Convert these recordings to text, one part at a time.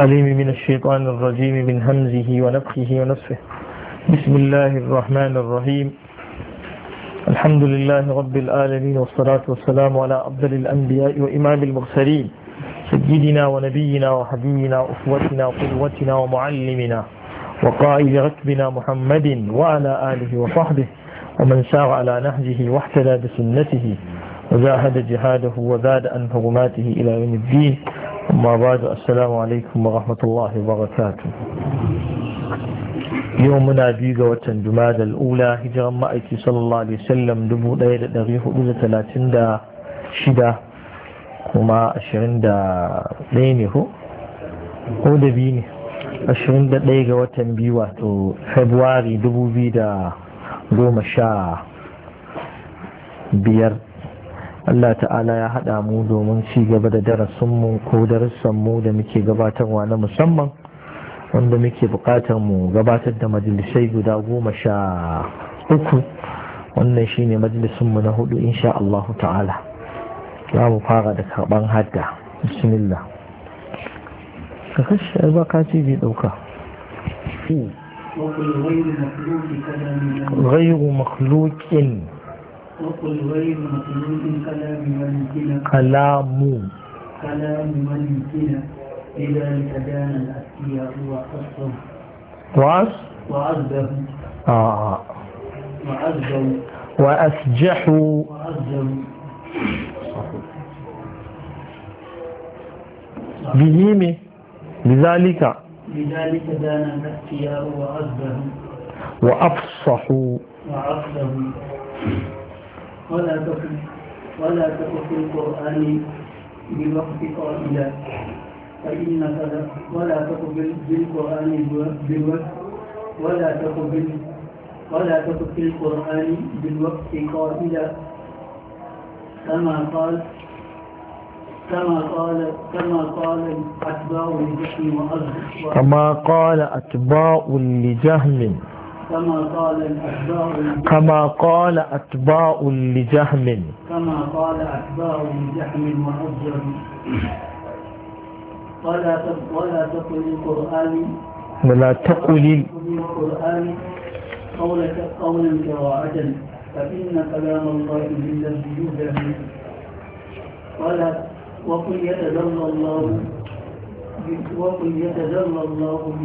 أليم من الشيطان الرجيم من همزه ونفخه ونفسه بسم الله الرحمن الرحيم الحمد لله رب العالمين والصلاة والسلام على أفضل الأنبياء وإمام المرسلين سيدنا ونبينا وحبيبنا وأخوتنا وقدوتنا ومعلمنا وقائد ركبنا محمد وعلى آله وصحبه ومن سار على نهجه واحتلى بسنته وزاهد جهاده وزاد أنفرماته إلى يوم الدين Mabad, Assalamu alaikum wa rahmatullahi barakatu barakatuh. Yau muna biyu ga watan Jumada al’ula hijiran ma’aiki sallallahu Alaihi dubu ɗaya da ɗari hudu da talatin da shida kuma ashirin da ɗaya ne da biyu ne? Ashirin da ɗaya ga watan biyu wato Februari dubu biyu da goma sha biyar Allah ta'ala ya haɗa mu domin ci gaba da darasin mu ko mu da muke gabatarwa na musamman wanda muke buƙatar mu gabatar da majalisai guda goma sha uku wannan shine mu na hudu insha Allah ta'ala za mu fara da karɓar hadda bismillah ka kashe ba ka ce bai ɗauka غير مخلوق وقل غير مخلوق كلام من كلا كلام كلام من كلا لذلك دان الأسياء وأصله وأص وأصدر آه وأصدر وأسجحوا وأصدر بهيمه لذلك لذلك دان الأسياء وأصدر وأفصحوا وأفصحوا ولا تقل ولا في القرآن بوقت قائلا فإنك ولا تقبل بالقرآن بالوقت ولا تقبل ولا في القرآن بالوقت قائلا كما قال كما قال كما قال أتباع لجهل وأرض كما قال أتباع لجهل كما قال أتباع كما قال أتباع لجهم كما قال أتباع لجهم وأجهم ولا ولا تقل القرآن ولا تقل القرآن قولك قولا كواعدا فإن كلام الله إلا الجهد ولا وقل يتجلى الله وقل يتجلى الله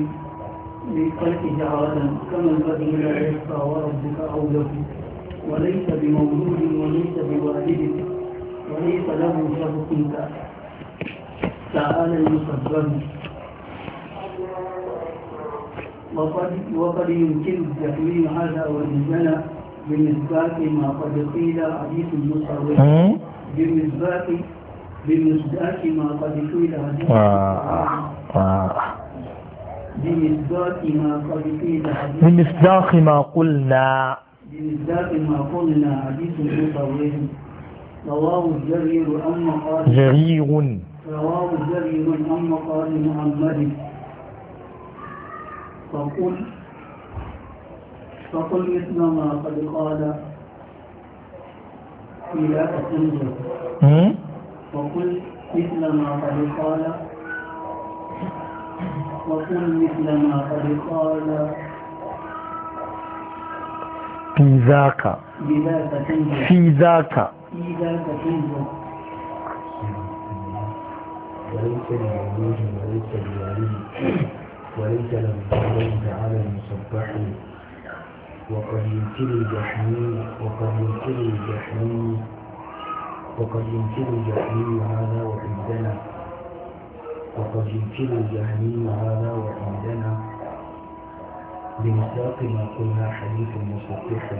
لخلقه عرضا كما الذي لا يخفى وربك أولى وليس بمولود وليس بوالد وليس له شر شبك تعالى المسبب وقد وقد يمكن تحويل هذا والزنا بمثبات ما قد قيل حديث المصور بمثبات بمصداق ما قد قيل حديث المصور بمصداق ما قد قيل بمصداق ما قلنا بمصداق ما قلنا حديث مصور رواه الجرير أم قال جرير رواه الجرير أم قال محمد فقل فقل مثل ما قد قال إلى أسنجه فقل مثل ما قد قال وقل مثل ما قد قال في ذاك في ذاك في ذاك تنجو وليس لعروج وليس لعلم وليس لمصبر تعالى المصبح وقد ينكر الجحيم وقد ينكر الجحيم وقد ينكر الجحيم هذا وحدنا وقد يمكن الجهمي هذا وعندنا بمساق ما قلنا حديث مصحح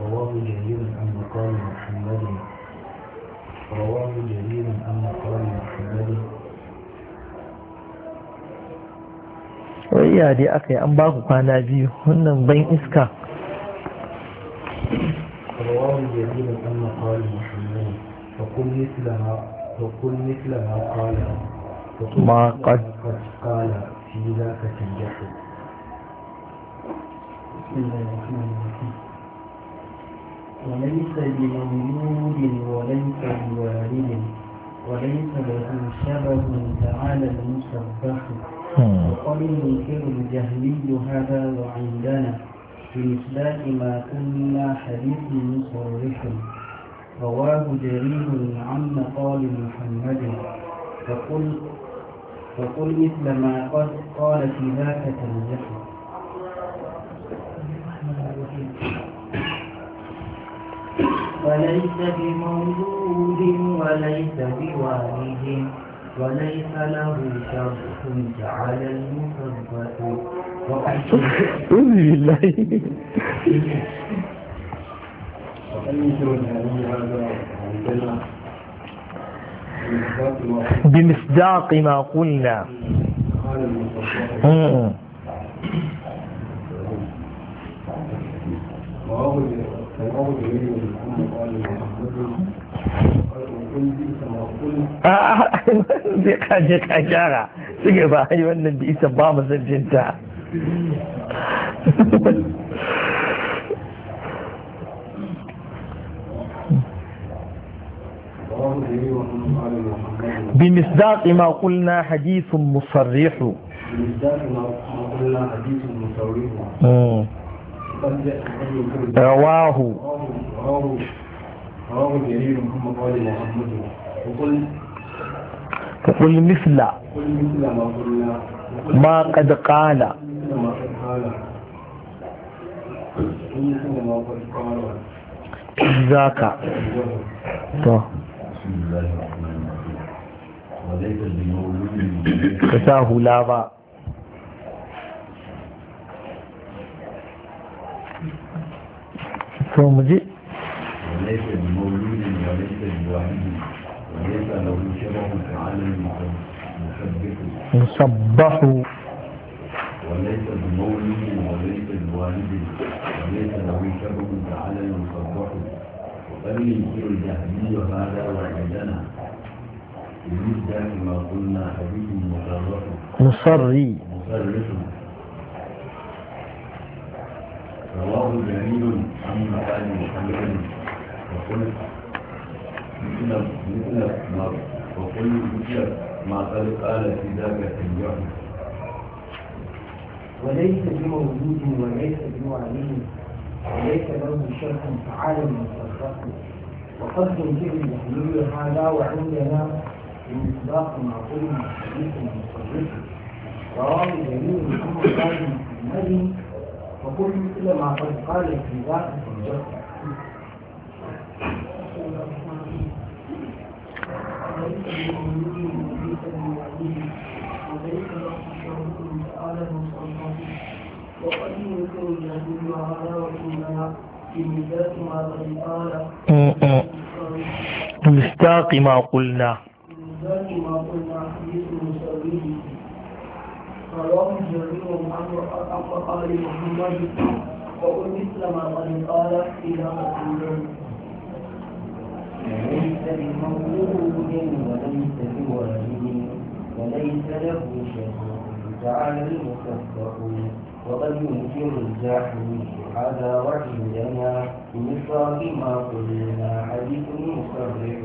رواه جرير عن مقال محمد رواه جرير عن مقال محمد ويا دي أخي أم an ba ku kwana بين إسكا رواه جرير أن قال محمد فقل مثل ما فقل مثل ما قاله ما قد قال في ذاك تنجح بسم الله الرحمن الرحيم وليس بمولود وليس بوالد وليس له شبه تعالى المسبح وقد ينكر الجهلي هذا وعندنا بإثبات ما كنا حديث مصرح رواه جرير عن مقال محمد فقل فقل مثل ما قد قال في ذاك تنجح وليس بمولود وليس بوالد وليس له شرط جعل المثبت وقد بالله وأن بمصداق ما قلنا Oh, dear. بمصداق ما قلنا حديث مصرح بمصداق ما قلنا حديث مصرح رواه رواه قال وقل وقل مثل ما قد قال ذاك بسم الله ka sa hula ba so mu je مسبح وليس بمولد وليس بوالد وليس له شبه تعالى المسبح وقد يمكن الجهمي هذا وعندنا بالنسبة لما قلنا حديث مصرح مصري مصرح رواه جميل عن مكان محمد وقلت مثل مثل ما وقل مثل ما قد قال في ذاك اليوم وليس بموجود وليس بمعلم وليس له شرح فعال مصرح وقد تنتهي تحليل هذا وعندنا من مصداق معقول من حديث من مصدق رواه جميع محمد قال محمد وكل إلا ما قد قال في ذاك الجهل وقد يكون الذي على وكلنا بمدات ما قد قال مصداق ما قلنا ذات ما قلنا حديث مسويه رواه جرير عن آل محمد وقل مثل ما قد قال إلى مسلم ليس بمولود وليس بوالد وليس له شيء جعل المكفرون وقد ينكر الجاحظ على وجهنا بمثال ما قلنا حديث مصرح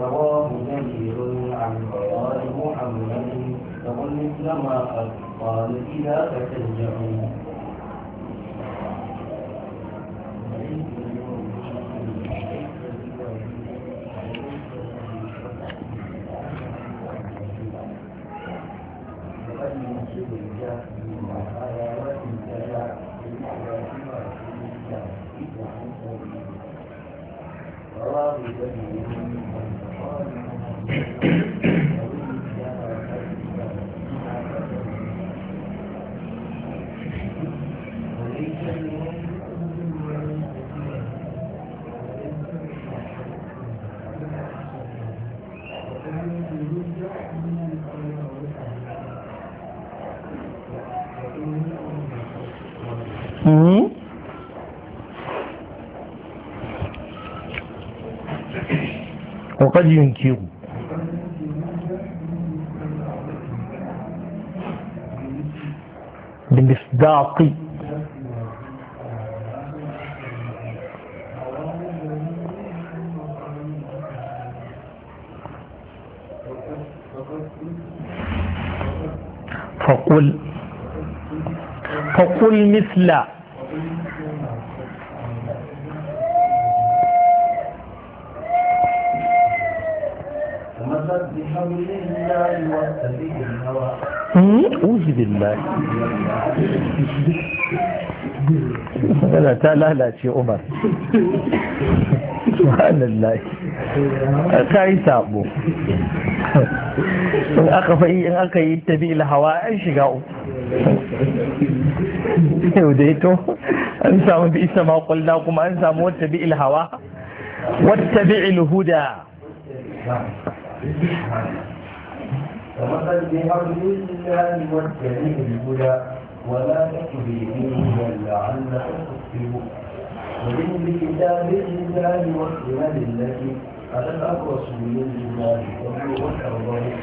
رواه جرير عن عطاء محمد فقل مثل ما قد قال إذا تشجعوا فقد ينكر بمصداق فقل فقل مثل uzu billahi magana ta lalace umar ka yi sabo in aka in aka yi tabi hawa an shiga yau dai to an samu bi isa makwalna kuma an samu wata bi hawa wata bi huda فمثل بحبل الله والكريم الهدى ولا تكن به لعلك تخطئ وإن بكتاب الله والسنن التي أتت رسول الله صلى الله عليه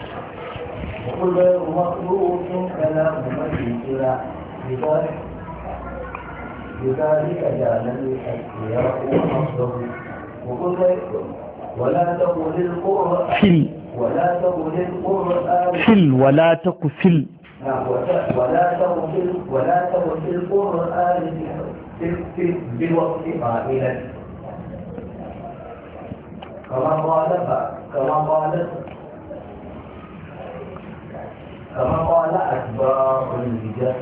وقل غير مخلوق كلام مشركنا لذلك لذلك جعلني أتقياء وحفظه وكل غير ولا تقل القرآن فل ولا تقل القرآن فل نعم، ولا تقل فل ولا تقل ولا تقل القرآن بوقت قائلا كما قال كما قال كما قال أتباع الرجال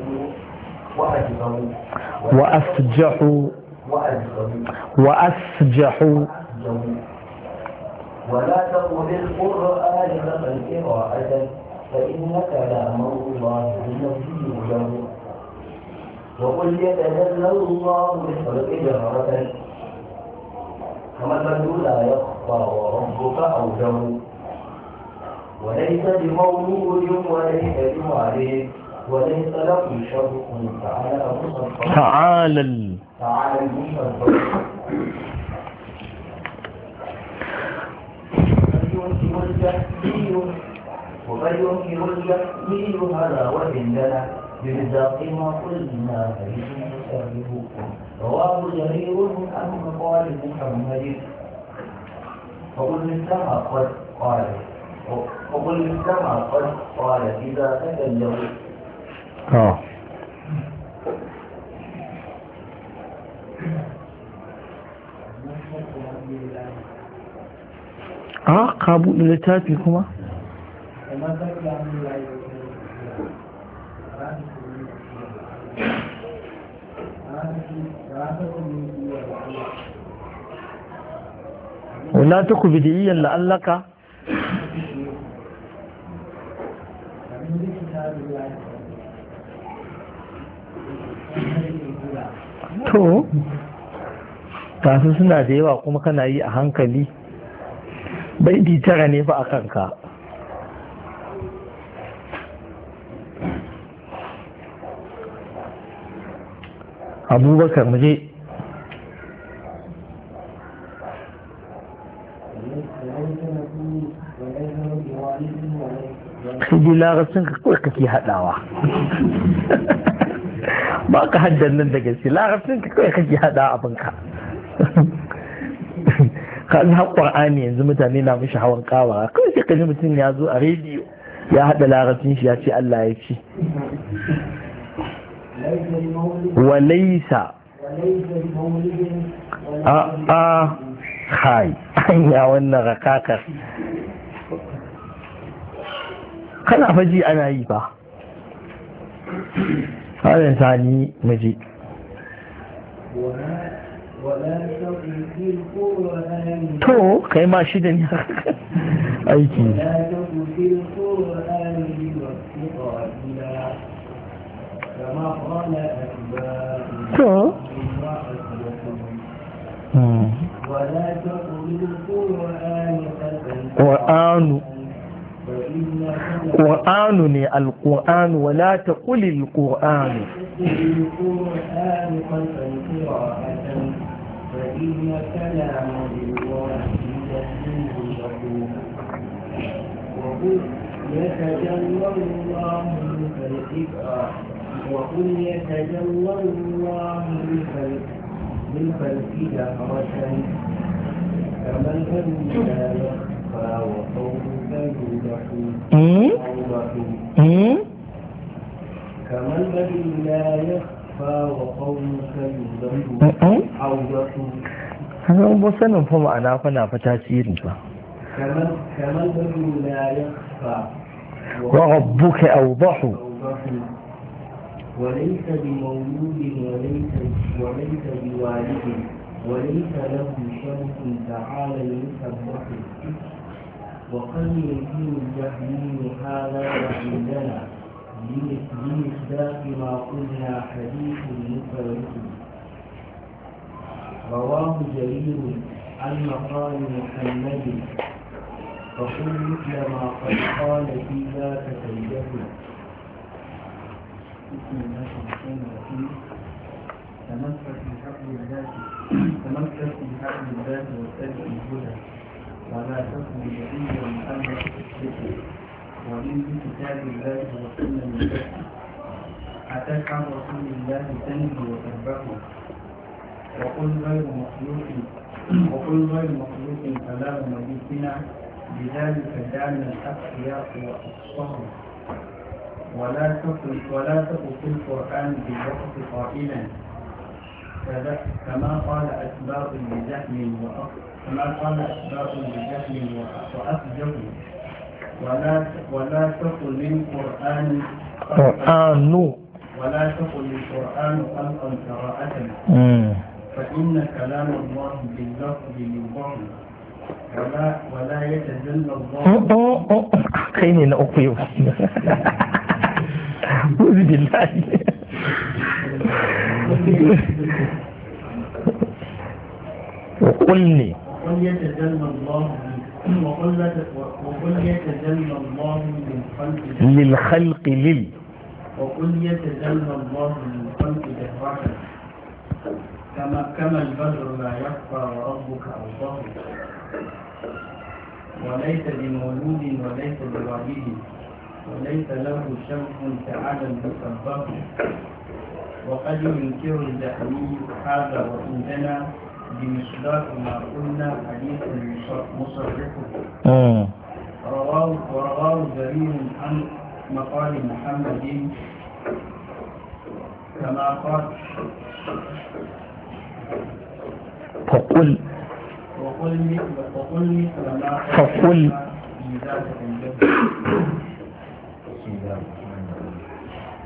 وأجمعوا وأفجحوا وأسجحوا ولا تقل القرآن مثلا قراءة فإنك لأمر الله النبي له وقل يتجلى الله بخلق جهرة كمثل لا يخفى وربك أوجه وليس بمولود وليس بوالد وليس له شرق تعالى مصدق تعالى تعالى مصدق التأثير وقد ينكر التأثير هذا وجندنا بمذاق ما قلنا فليس نشابهه رواه جرير عن مقال محمد فقل مستمع قد قال وقل مستمع قد قال إذا تكلموا Thank you. a ka buɗe littafi kuma wala ta ku bidiyyar la'allaka to tasu suna da yawa kuma kana yi a hankali baidi tara ne ba a kanka abubakar muje sai larabcin ka kawai kake haɗawa ba ka haddannan nan da gaske larabcin ka kawai kake hada abinka ka ji har qur'ani yanzu mutane na mishi hawan kawa kai sai kaji ji mutum ya zo a rediyo ya hada larabcin shi ya ce Allah ya ce walaisa a a hai ya wannan rakakar kana faji ana yi ba halin sani miji to kai ma shi da ni aiki to ƙwa'anu ƙwa'anu ne alƙwa'anu wala ta ƙulil ƙwa'anu إنك لا مضر وقل يتجلى الله منك الكبرى وقل يتجلى كما الكبر لا يخفى وقومك يوضحون كما البدن لا يخفى Hannun ba sanin fa ma'ana fa na fa tasiri ba. Wa rabbuka awdahu. وليس بمولود وليس وليس بوالد وليس له شرف تعالى المسبح وقد يكون الجهمي هذا عندنا لمصداق ما قلنا حديث مفرد رواه جرير عن مقال محمد فقل مثل ما قد قال في ذاك سيدنا بسم الله الرحمن الرحيم تمسك بحبل الذات تمسك بحبل الذات واتبع الهدى ولا تكن بعيدا عن الشرك ومن في كتاب الله وسنة أتسعى رسول الله تنهي وتهبه وقل غير مخلوق وقل غير مخلوق فلا مبيتنا بذلك دعنا الأقياء وأصفهم ولا تقل ولا تقل في القرآن بالوقت قائلا كما قال أسباب بجهل وأفجه ولا تقل للقرآن قرآن ولا تقل للقرآن خلقا قراءة فإن كلام الله باللفظ يوضع ولا ولا يتجلى الله خيني نأقيم أعوذ بالله وقلني وقل يتجلى الله وقل وقل يتجلى الله للخلق للخلق لل وقل يتجلى الله للخلق جهرة كما كما البدر لا يخفى وربك أوضاه وليس بمولود وليس بوالد وليس له شمس تعالى المسبب وقد ينكر الجهمي هذا وإن انا بمصداق ما قلنا حديث مصرفه آه. ورواه جرير عن مقال محمد كما قال فقل وقل مثل وقل مثل ما فقل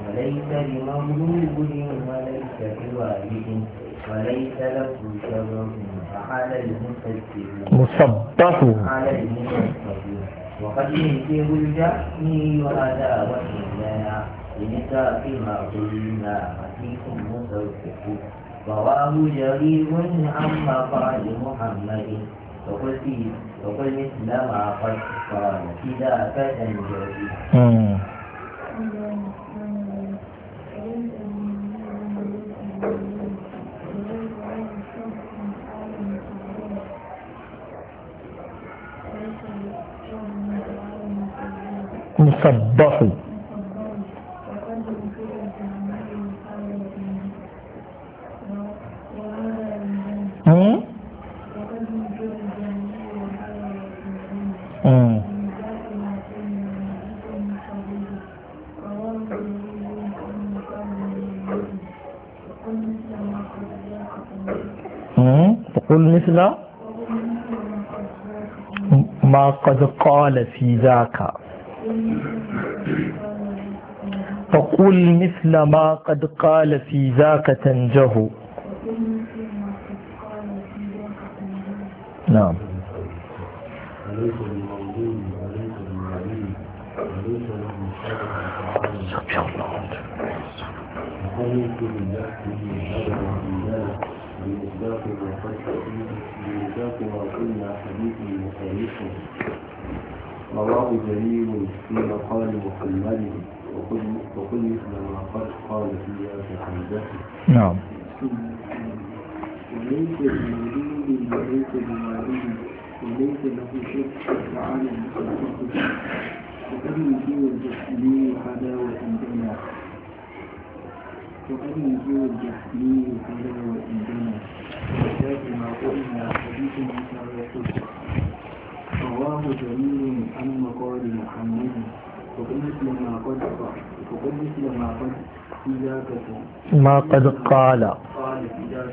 وليس لمولود وليس لوالد وليس له شر فعلى المسبح على المسبح وقد ينكر الجهمي وهذا وحي لنا لنساق ما قلنا فيه مصرفه رواه جرير عن مقال محمد وقل وقل مثل ما قد قال كذا فتنجلي يتسبح تقول مثل ما قد قال في ذاك فقل مثل ما قد قال في ذاك تنجه نعم وليس بمالهم وليس له شك تعالى بخلقته وقد يجوز الجحمي حلاوة بنا وقد يجوز الجحمي حلاوة بنا ولكن ما قلنا حديث متواتر رواه جميل عن مقال محمد وقد مثل ما قد قال وقد مثل ما قد ما قد قال قال إذا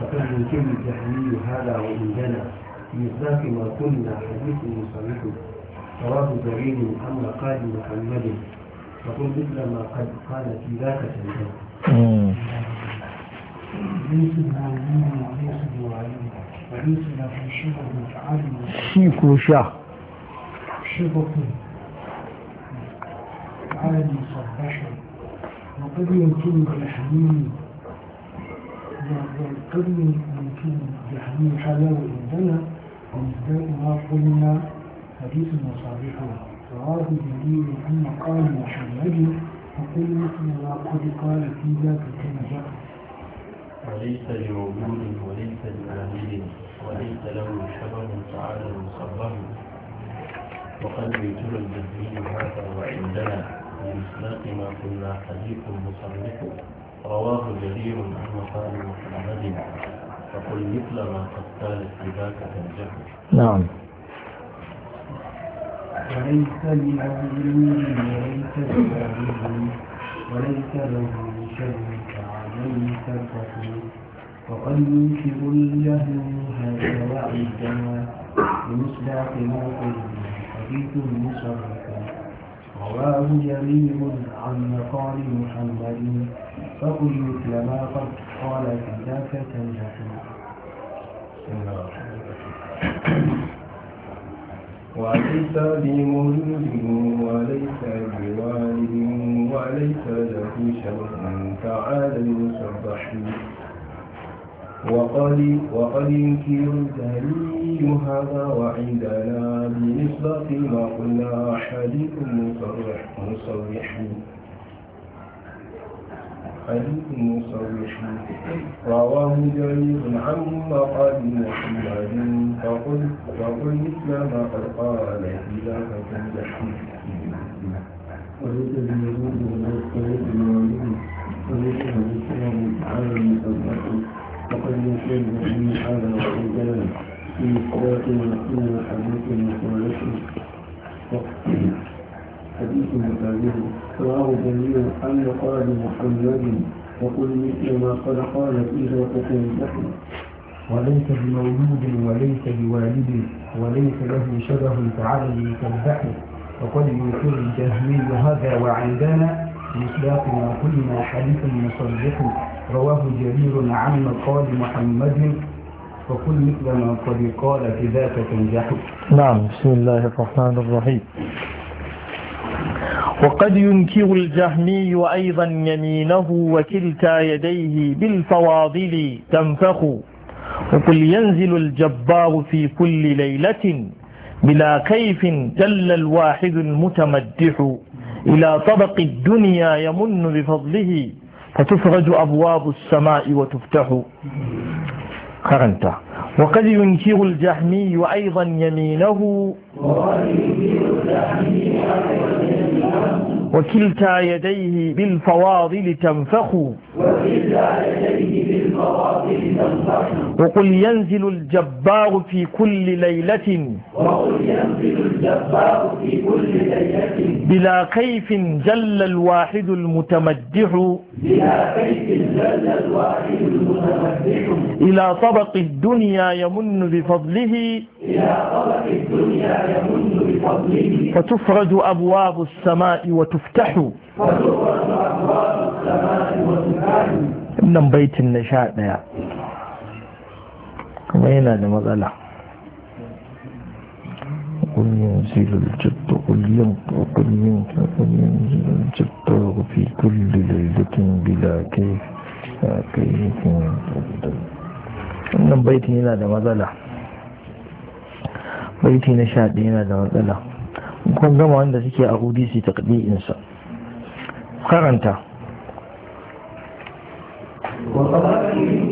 فقد يمكن الجهمي هذا جنى مصداق ما قلنا حديث مصرح رواه جرير اما قال محمد فقل مثل ما قد قال في ذاك الجنى. شيكو شاه شبك على المصبح وقد يمكن الحميم والقرن ممكن يعني حاله عندنا ومزداد ما قلنا حديث وصحيحه رواه جليل عن مقال محمد وقل مثل ما قد قال في ذاك الكلمة وليس لوجود وليس لآمين وليس له شبه تعالى مصبه وقد بيتنا الجزمي هذا وعندنا بمصداق ما قلنا حديث مصنف نعم. رواه جرير عن مقال محمد فقل مثل ما قد تختال بذاك تنجح نعم وليس لأولي وليس لأولي وليس له شرك عليه الفقير وقد ينكر الجهل هذا وعدنا بمصداق موقف حديث مشرك رواه جرير عن مقال محمد فقل مثل ما قد قال فذاك تنجح وليس بمولود وليس بوالد وليس له شرف تعالى المسبح وقد وقد ينكر الدليل هذا وعندنا بنسبة ما قلنا حديث مصرح مصرح حديث مصرح رواه جرير عن مقال محمد فقل فقل مثل ما قد قال خلافة جحيم ويجب ان يكون هناك الوالدين ويجب ان يكون تعالى المتوسط وقد يكون من هذا الرجال في صلاه وسنه حديث مصرح حديث متابعه رواه الجميع عن قال محمد وقل مثل ما قد قال إجرتكم لكم وليس بمولود وليس بوالد وليس له شبه فعلي كالبحر وقد ينكر الجهمي هذا وعندنا ما قلنا حديث مصدق رواه جرير عن مقال محمد وكل مثل ما قد قال في ذاك تنجح نعم بسم الله الرحمن الرحيم وقد ينكر الجهمي أيضا يمينه وكلتا يديه بالفواضل تنفخ وقل ينزل الجبار في كل ليلة بلا كيف جل الواحد المتمدح إلى طبق الدنيا يمن بفضله فتفرج أبواب السماء وتفتح وقد ينكر الجهمي أيضا يمينه وقد ينكر الجهمي أيضا وكلتا يديه بالفواضل تنفخ وكلتا يديه وقل ينزل الجبار في كل ليلة وقل ينزل الجبار في كل ليلة بلا كيف جل الواحد المتمدح بلا كيف الواحد المتمدح إلى طبق الدنيا يمن بفضله إلى طبق الدنيا يمن بفضله فتفرج أبواب السماء وتفتح فتفرج أبواب السماء وتفتح wannan baitin na sha ɗaya kuma yana da matsala kullum zilul jittu kullum kullum kullum zilul jittu fi kulli lailatin bila kai kaifin wannan baitin yana da matsala baiti na sha ɗaya yana da matsala kun gama wanda suke a hudu su ƙaɗi insa karanta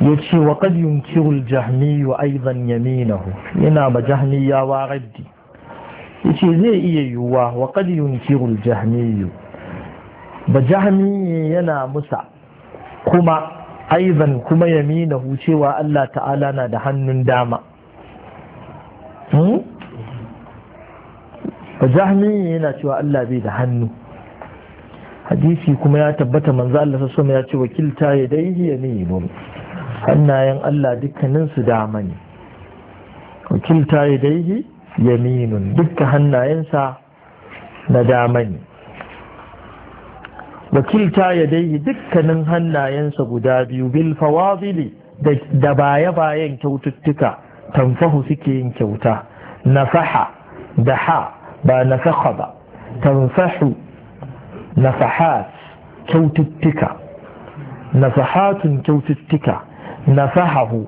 ya ce wa kad yunkirul jahmi wa aizan yaminahu yana ba jahmi ya wa raddi ya ce zai iya yiwuwa wa kad yunkirul jahmi ba jahmi yana musa kuma aizan kuma yaminahu cewa Allah ta'ala na da hannun dama hmm? ba jahmi yana cewa Allah bai da hannu hadisi kuma ya tabbata manzo Allah sallallahu alaihi wasallam ya ce wakilta yadayhi yaminun hannayen Allah dukkaninsu dama ne wakilta ya daihi yaminun dukkan hannayensa na dama ne wakilta ya daihi dukkanin hannayensa guda biyu bil fawazili da baya-bayan kyaututtuka tamfahu suke yin kyauta nafaha da ha ba nafaha ba tamfahu nafahat kyaututtuka nafahatun kyaututtuka nasahahu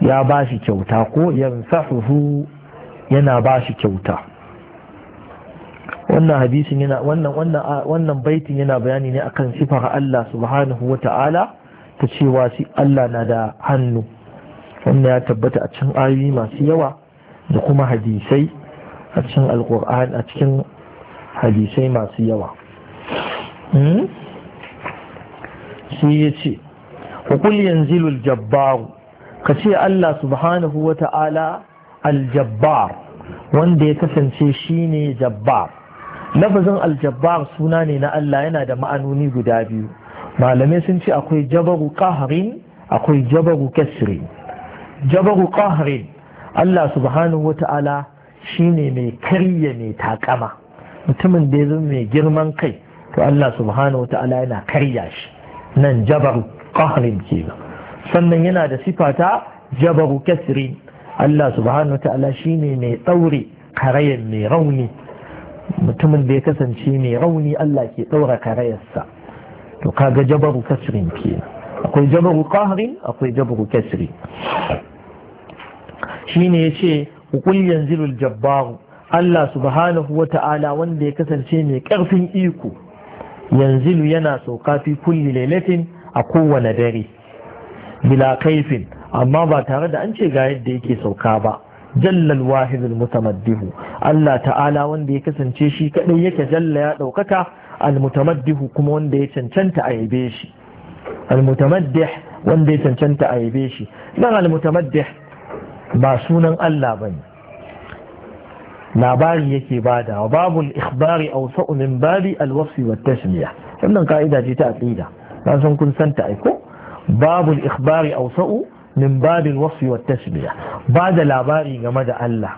ya ba shi kyauta ko yansahuhu yana ba shi kyauta wannan hadisin yana wannan wannan wannan baitin yana bayani ne akan sifar Allah subhanahu wata'ala ta cewa shi Allah na da hannu wannan ya tabbata a cikin ayoyi masu yawa da kuma hadisai a cikin alkur'an a cikin hadisai masu yawa hmm? Sai ya ce hukul yanzu aljabbaru ka ce Allah subhanahu wa ta'ala aljabbar wanda ya kasance shi ne jabbar lafazin aljabbar suna ne na Allah yana da ma'anoni guda biyu malamai sun ce akwai jabaru kaharin akwai jabaru kasri jabaru kaharin Allah subhanahu wa ta'ala shi ne mai karya mai takama mutumin da ya zama mai girman kai to Allah subhanahu wa ta'ala yana karya shi nan jabaru ke ba. sannan yana da sifata jabar jabaru kasri Allah subhanahu ta'ala shine mai ɗaure karayen mai rauni mutumin da ya kasance mai rauni Allah ke ɗaura karayarsa to kaga jabaru kasrin kenan akwai jabaru qahrin akwai jabaru kasri shine yace ce yanzilu Allah subhanahu wa ta'ala wanda ya kasance mai ƙarfin iko yanzilu yana sauka fi kulli lailatin a kowane dare bila kaifin amma ba tare da an ce ga yadda yake sauka ba jallal wahidul mutamaddihu Allah ta'ala wanda ya kasance shi kadai yake jalla ya daukaka al kuma wanda ya cancanta a yabe shi al wanda ya cancanta a yabe shi dan al ba sunan Allah bane labari yake bada wa babul ikhbari awsa'u min babi alwasfi wat tasmiya wannan ka'ida ce ta aqida na san kun san ta aiko babul ikhbari sa'u min babil wasfi wat tasmiya bada labari game da Allah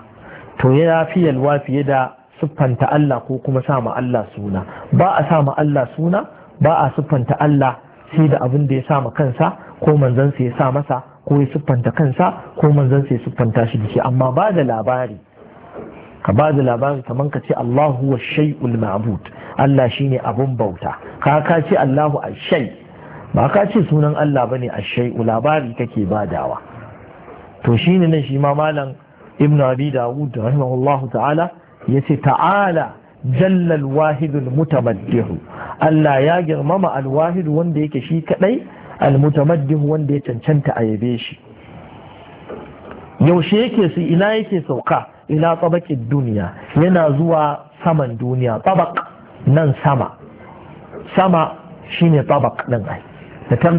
to ya fi yalwa fiye da siffanta Allah ko kuma sama Allah suna ba a ma Allah suna ba a siffanta Allah sai da abin da ya ma kansa ko manzansa ya sa masa ko ya siffanta kansa ko manzansa ya siffanta shi da shi amma ba da labari ka ba da labari kamar ka ce Allahu wa shay'ul ma'bud Allah shine abun bauta ka ka ce Allahu ashai. ba ka ce sunan Allah bane ash labari kake badawa to shine nan shi ma malam Ibn Abi Dawud rahimahullahu ta'ala yace ta'ala jalla al-wahid al-mutamaddih Allah ya girmama al-wahid wanda yake shi kadai al-mutamaddih wanda ya cancanta a yabe shi yaushe yake su ina yake sauka ila tabaqid duniya yana zuwa saman duniya tabaq nan sama sama shine tabaq ɗin ai da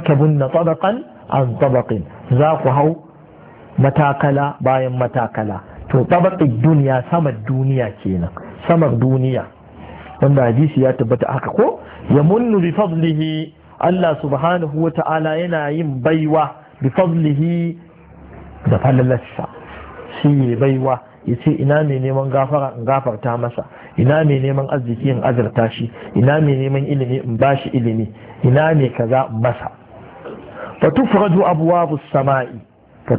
na tabaqan an tabaqin za ku hau matakala bayan matakala to tabaqid duniya saman duniya kenan saman duniya wanda hadisi ya tabbata haka ko Ya bi fadlihi Allah subhanahu wa ta'ala yana yin baiwa bi fadlihi da falalarsa shi baiwa ya ce ina mai neman gafara in gafarta masa ina mai neman arziki in azurta shi ina mai neman ilimi in ba shi ilimi ina mai kaza in masa fa abuwa bu sama'i fa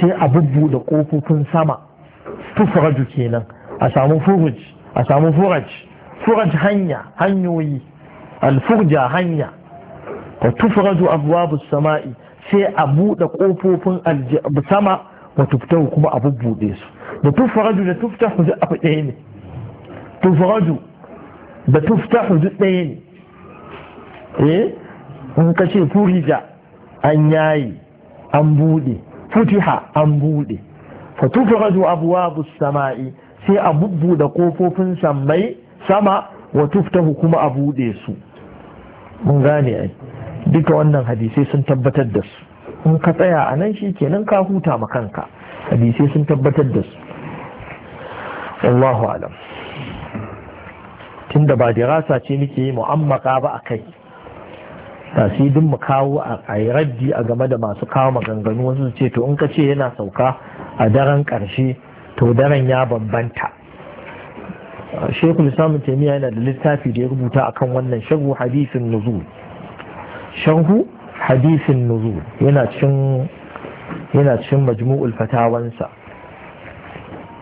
sai a da kofofin sama tufraju kenan a samu furuj a samu furaj furaj hanya hanyoyi alfurja hanya fa abuwa bu sama'i sai a buɗe kofofin sama wa tuftahu kuma a bubbuɗe su da tuffaraju da tuftahu duk abu ɗaya ne tuffaraju da tuftahu duk ɗaya ne eh in ka ce furija an yayi an buɗe futiha an buɗe fa tufraju abwabu samai sai a da kofofin sammai sama wa tuftahu kuma a buɗe su mun gane ai duka wannan hadisai sun tabbatar da su in ka tsaya a nan shi kenan ka huta ma kanka hadisai sun tabbatar da su Allahu alam tunda ba dirasa ce muke yi mu'ammaka ba a kai tasidin mu kawo a yi raddi a game da masu kawo maganganu wasu ce to in ka ce yana sauka a daren ƙarshe to daren ya bambanta shekul samun taimiyya yana da littafi da ya rubuta akan wannan shagu hadisin nuzul sharhu hadisin nuzul yana cin cikin majmu'ul fatawansa